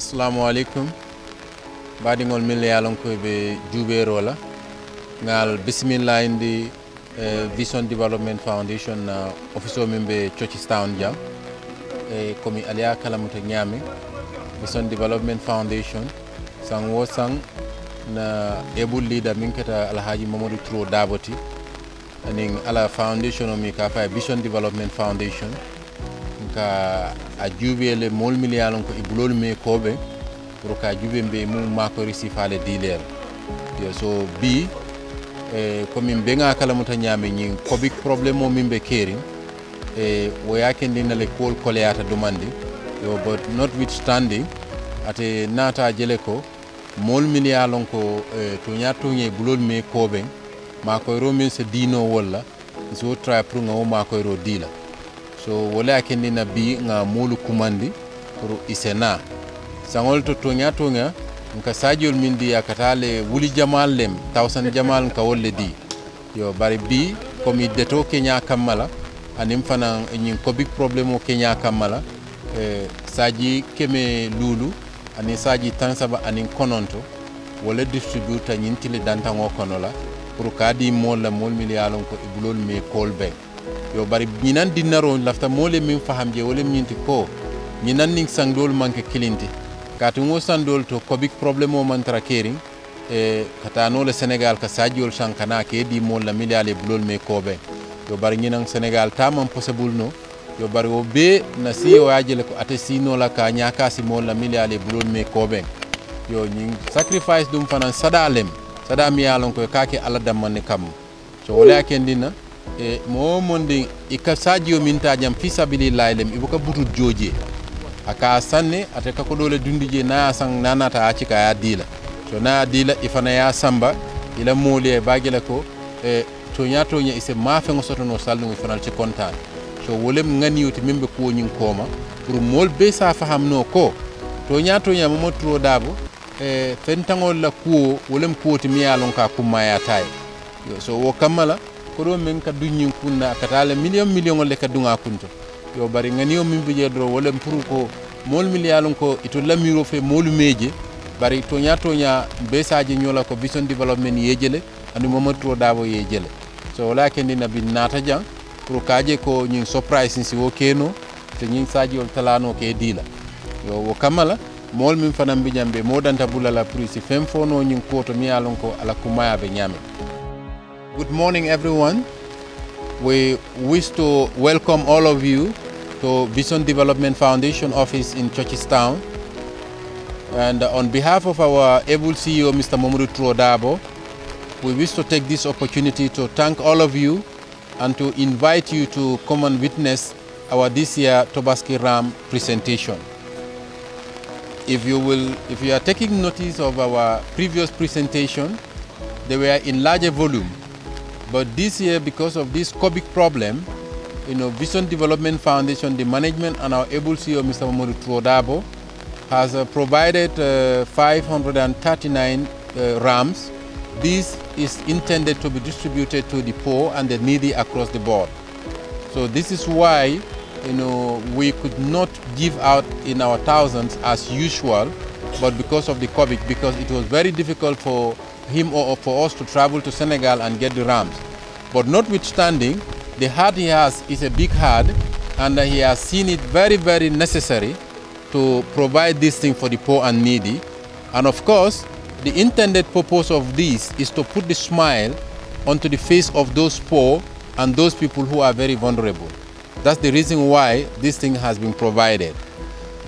assalamu aleykum mbaɗigol millayalonkoɓe juuɓerola ngal bisimilla indi eh, vision development foundation eh, office o min ɓe cocis town diam e eh, komi aliya kalamuta ñaami vision development foundation san wo sang na ebul leader min kata alhaji mamadou tro daboti anin ala foundation o mi ka fa vision development foundation ka a juuɓele mol miliyalon ko e bulol me koɓe pour ka juuɓe mbe mum makori sifale dilere yo so eh, bi e komin benga kala muta ñaami ñin koɓi probléme o min ɓe keerin e eh, wo le kol koleyata dumandi yo but not with standing ate naata jele ko mol min ko e, eh, toña toñe bulol me koɓen makoyro min so dino wolla so tra pour ŋa wo makoyro dila so wala kendi na bi nga mulu kumandi pour isena sangol to tonya tonya nka sajol min di katale wuli jamal lem tawsan jamal nka wolle di yo bari bi komi deto kenya kammala anim fana nyin ko big problème o kenya kammala e saji keme lulu ani saji tansaba anin kononto wala distributa nyintile tili dantango konola pour kadi mola mol milialon ko ibulol me kolbe yo bari ñinan dinnaro lafta mole min faham je wole ñinti ko ñinan ning sangdol manke kilinti kati wo sandol to kobik problème o tara kering e no le sénégal ka sadiol sankana ke di mol la miliale bulol me kobe yo bari senegal sénégal tamam possible no yo bari wo be na si o ajele ko ate no la ka ka si mol la miliale bulol me kobe yo ñing sacrifice dum fanan sadalem sadami yalon ko kaake ala damman kam so wala kendina e momon nde ika e sadio minta jam fisabilillah lem iboka e butut jooje aka sanne ata kako ɗole dundije nayasan nanata acika ya diila to naya diila ifana e ya samba ila muuli e baguila ko e toñatoña ise mafego sotono salnugo fanal ci contane to wolem ganiyoti min ɓe kuwoñin kooma pour mol be sa fahamno ko toñatoña momadou touro dabo e fentagolla kuwo wolem kuwoti miyalon ka kummaya taye so wo kammala kodo men min ka duñin kunna katale million million le ka duŋa kunto yo bari o min bi do doro wolen pour ko moolu min ko ito lamiro fe moolu meje bari toña toña be saji nyola ko vision development yejele andu mamadou to dabo yejele so wala kendi nabi nata jang pour kaje ko ni surprise si wo keno te ni saji o talano ke dila yo wo kamala mool min fanam bi jambe modanta bulala pour si fem fono ñin ko mi yaalon ko ala kumaya be nyame Good morning, everyone. We wish to welcome all of you to Vision Development Foundation office in Churchistown. And on behalf of our able CEO, Mr. Momodu Truodabo, we wish to take this opportunity to thank all of you and to invite you to come and witness our this year Tobaski Ram presentation. If you, will, if you are taking notice of our previous presentation, they were in larger volume but this year, because of this COVID problem, you know, Vision Development Foundation, the management and our able CEO, Mr. Mamoru Tuodabo, has uh, provided uh, 539 uh, rams. This is intended to be distributed to the poor and the needy across the board. So this is why you know, we could not give out in our thousands as usual, but because of the COVID, because it was very difficult for him or for us to travel to Senegal and get the rams. But notwithstanding, the heart he has is a big heart, and he has seen it very, very necessary to provide this thing for the poor and needy. And of course, the intended purpose of this is to put the smile onto the face of those poor and those people who are very vulnerable. That's the reason why this thing has been provided.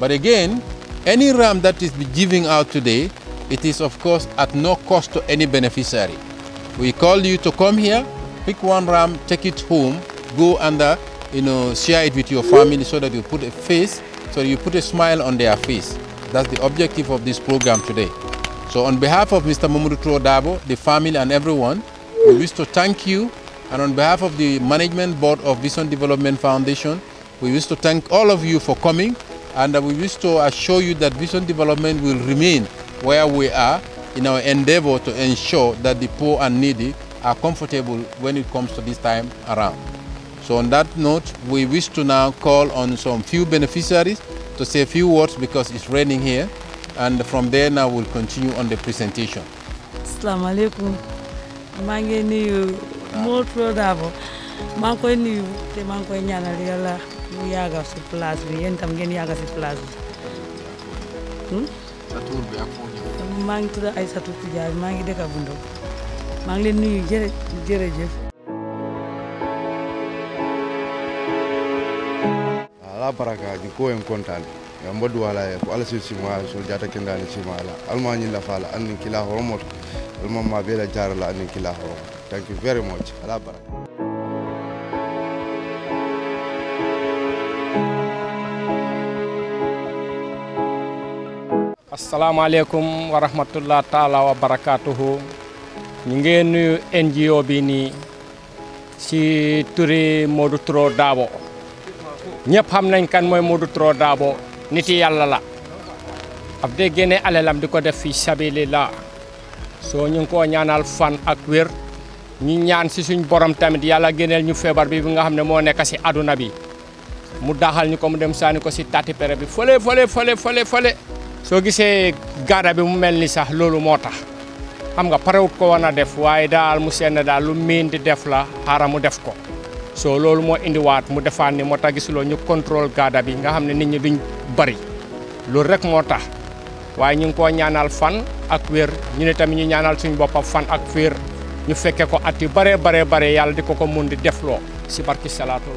But again, any ram that is given out today it is, of course, at no cost to any beneficiary. We call you to come here, pick one ram, take it home, go and uh, you know, share it with your family so that you put a face, so you put a smile on their face. That's the objective of this program today. So on behalf of Mr. Mamudu Dabo, the family and everyone, we wish to thank you and on behalf of the Management Board of Vision Development Foundation, we wish to thank all of you for coming and we wish to assure you that Vision Development will remain where we are in our endeavor to ensure that the poor and needy are comfortable when it comes to this time around. So on that note, we wish to now call on some few beneficiaries to say a few words because it's raining here. And from there now we'll continue on the presentation. Assalamu alaikum. Hmm? Satour bi ak foo ñëw. maa ngi tudd ay Satour Koudia maa ngi dëkk bu maa ngi leen nuyu jërë jërëjëf. ala baraka ni ko en kontaan ya mbadu wala ko ala si sima so jata kenda ni sima ala almani la fala anni kila hormot almamma bela jarala anni kila hormot thank you very much ala baraka Assalamualaikum warahmatullahi taala wabarakatuh. ñi nuyu NGO bi ni si turi Modou Tro Dabo ñepp xam nañ kan moy Modou Tro Dabo nit yalla la ab de gene alalam diko def fi sabilillah so ñu ko ñaanal fan ak wër ñi ñaan si suñ borom tamit yalla génneel ñu febar bi nga xamne mo nekk ci aduna bi mu daxal ñu mu dem saani ko ci tati pere bi fole fole fole fole. fele soo gisee gaada bi mu mel ni sax loolu moo tax xam nga parewut ko woon a def waaye daal mu seen daal lu miin di def la xaaral mu def ko soo loolu moo indiwaat mu defaan ni moo tax gisuloo ñu contrôle gaada bi nga xam ne nit ñi duñ bari loolu rek moo tax waaye ñu ngi koo ñaanaal fan ak wér ñu ne tamit ñu ñaanal suñu boppam fan ak wér ñu fekke ko at yu bare bare bare yàlla di ko ko mun di defloo si barki salaatul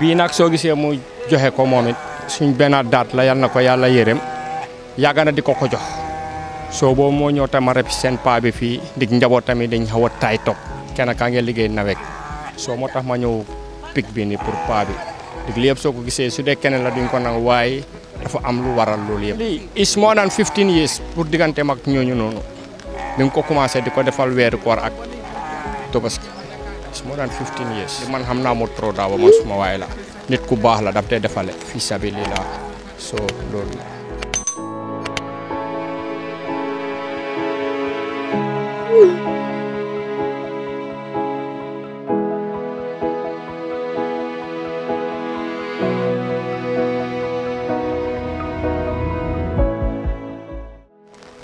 Bina nak so gisee mu joxe ko momit it suñ benn daat la yalla nako yalla yerem yërëm yàgg na di ko ko jox so bo mo ñëw tam rep seen pa bi fi ndig njaboot tamit dañ xawa tay taay kena ka kaa ngeen liggéey nawet so motax ma pic bi ni pour pa bi dig li ko gisee su de la duñ ko nang way dafa am lu waral lool yeb is more than 15 years pour diggante mag ñooñu noonu bi nga ko commencer di ko defal weeru koor ak tobaski years more than 15 years man xam naa Modou Trop Darboe man suma waay la nit ku baax la daf tey defale fii sabili la so loolu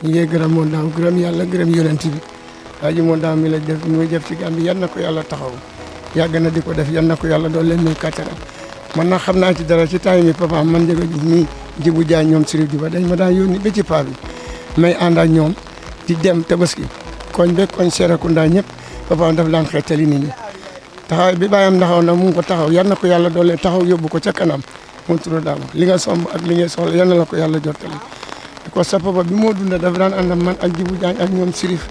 ñu ngi gërëm moom daal gërëm yàlla gërëm yonent bi aji moo daa mi la def muy def ci Gàmbi yan na ko yàlla taxaw yàgg na di ko def yan na ko yàlla doon leen muy kattanam man na xam naa ci dara ci temps yi papa man njëga ji nii jibu jaay ñoom sirif di ba dañ ma daan yónni ba ci paa bi ànd ak ñoom di dem tabaski koñ be koñ Serekunda ñëpp papa daf daan xeetali nit ñi taxaw bi bàyyam taxaw na mu ngi ko taxaw yan na ko yàlla doole taxaw yóbbu ko ca kanam mu turu daama li nga somb ak li ngay soxla yan la ko yàlla jottali ko sa papa moo dunda dafa daan ànd man ak jibu jaay ak ñoom sirif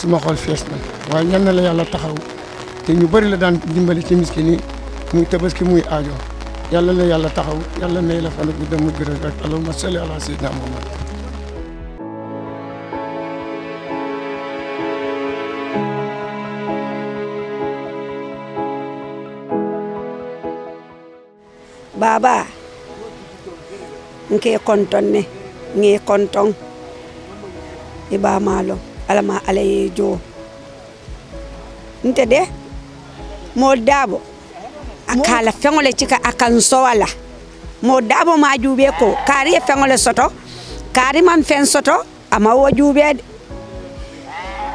suma xol fess na waaye ñan la yalla taxaw te ñu bari la daan dimbali ci miskini muy tabaski muy aajo yalla na yalla taxaw yalla may la fanu dem mu rek allahumma salli ala sayyidina muhammad baba nke konton ne kontong iba malo alama alaye jo nte de mo dabo akala fengole chika akanso wala mo dabo ma jube ko kari fengole soto kari man fen soto ama wo jube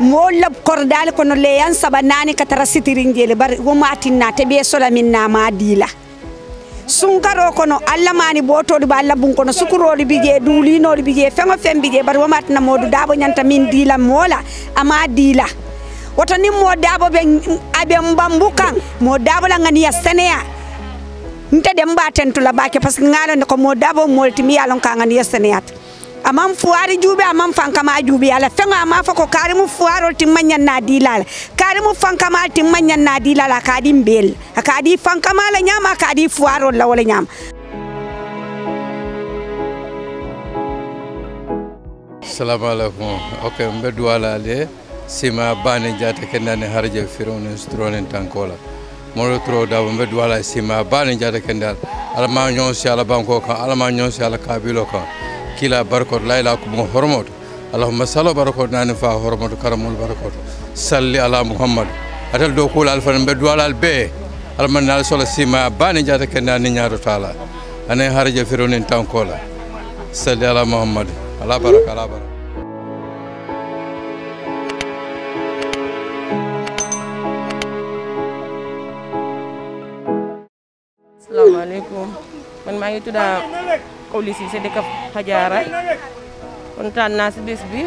mo lab kordal kono leyan sabanani katara sitirin jele bar wo te tebe sola minna ma dila sunkaro kono allah mani botoɗo ba allah bun kono sukuroɗo bije duulinoɗo bije fengo feŋ bije bat matna modu daabo ñanta min diila moola ama diila woto nin mo daabo ɓe mbambukan mo kan la daabola ya senea nte dem ba tentula bake par ce que ŋalonde ko mo daabo mi yalon ka ganiya seneyata amam fuari jube amam fankama jube ala fenga ma fako karimu fuaro timmanya nadila karimu fankama timmanya nadila la kadi mbel kadi fankama la nyama kadi fuaro la wala nyama assalamu alaikum ok mbe le sima bane jate kendane harje firone strone tankola moro tro da mbe sima bane jata kendal alama nyonsi ala banko kan alama nyonsi ala kabilo ka kila barkoto layla ko mo hormoto allahumma salo barakot nani fa hormoto karamul barakot salli ala muhammad atal dow kuula alfana al be al man al sol sima bani jata ken nani ñaato taala ane harje fironin kola salli ala muhammad ala baraka ala baraka Assalamualaikum. Man mangi tuda Awli si dëkk Xajaara kontaan naa si bés bi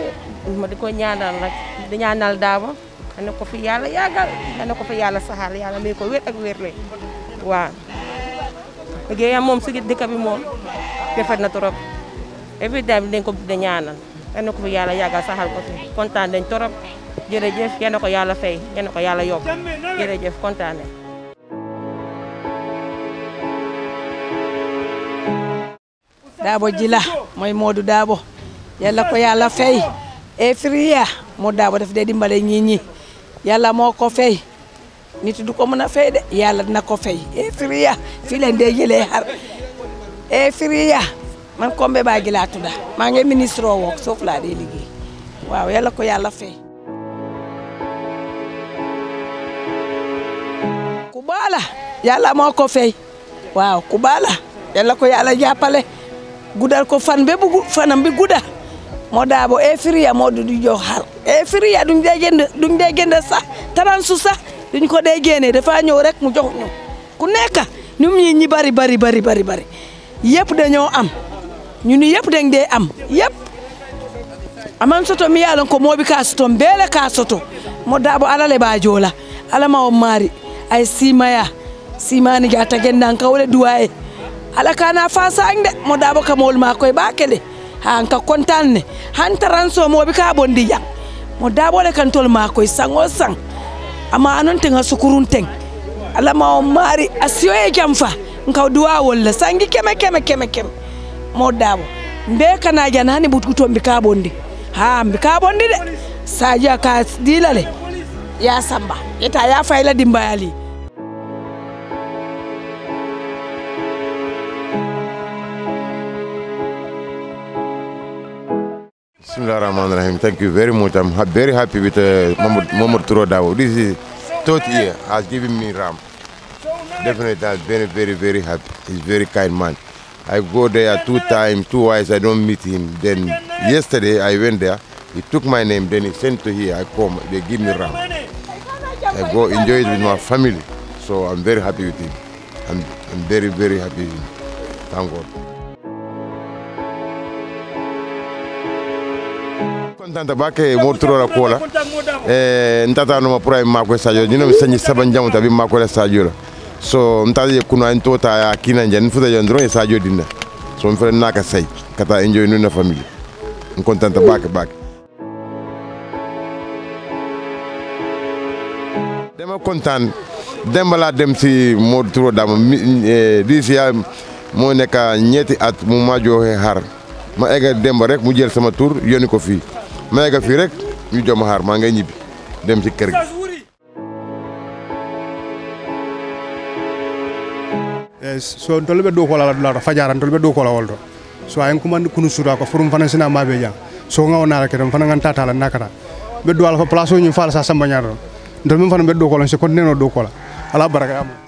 ma di ko ñaanal rek di ñaanal daama ana ko fi yàlla yàggal ana ko fi yàlla saxal yàlla may ko wér ak wér le waaw liggéeyam moom si dëkk bi moom defar na trop évidemment dañ ko bëgg a ñaanal ana ko fi yàlla yàggal saxal ko fi kontaan dañ trop jërëjëf yal na ko yàlla fay yal na ko yàlla yokk Dabo Jila mooy Modou Dabo yàlla ko yàlla fay efria Modou Dabo daf dee dimbale ñii ñi moo ko fay nit du ko mën a fay de yàlla dina ko fay efria fii leen dee jëlee xar efria man Kombe Ba Jila tudda maa ngi ministre o woog suuf laa dee liggéey waaw ko yàlla fay ku baala moo ko fay waaw ku baala ko yàlla jàppale gudal ko fan be fanam be guda mo daabo e firiya moɗo jo har e firiya ɗum de gende ɗum de gende sa taransu sa ɗum ko ɗe genede fa ñow rek mo jox ñum ku nekka ñum ñi ñi bari bari bari bari bari yépp dañoo am ñun yépp dañ dee am yépp aman soto mi yalan ko moɓi ka soto beele ka soto mo daabo alale ba joola alama o maari ay simaya simani ja tagendan kawle duwaye ala kana fa sang de mo dabo ka mol ma koy bakele han ka kontane han taranso mo bi ka bondi ya mo dabo le kan tol ma koy sango sang ama anon tenga sukurun teng ala ma o mari asiyo e jamfa fa nka duwa wala sangi keme keme keme keme mo dabo mbe kana jana hani to mbi ka bondi ha mbi ka bondi de saja ka dilale ya samba yeta ya faila dimbayali Bismillah Rahim. Thank you very much. I'm very happy with uh, Mohamed Turodawo. This is third year has given me ram. Definitely, I'm very, very, very happy. He's very kind man. I go there two times, two twice, I don't meet him. Then yesterday I went there, he took my name, then he sent to here, I come, they give me ram. I go enjoy it with my family. So I'm very happy with him. I'm, I'm very, very happy with him. Thank God. contante baake motorora kola e eh, ntata no mapura mako e sajo nyino sanyi saba njamu tabi mako la sajo la so ntata je kuna ntota ya kina nje nfuta je ndro sajo dinna so mfere naka sai kata enjoy nuna family nkontante baake baake dama kontaan demba laa dem si Modou Touré Dama eh, diis yaa moo nekk ñetti at mu ma joxe xar ma egg demba rek mu jël sama tur yónni ko fii Mega nekk rek ñu jom xaar ma ngay ñibi dem ci kër eh, so on do ko la la fajaran fajara on do ko la so ayen kumandi kunu suuta ko forum fana sina maɓe ja so gawo nara dem fana tata la nakara be do ala fa place ñu fal sa samba ñata toon ntol be do ko la ci do ko la ala baraka ya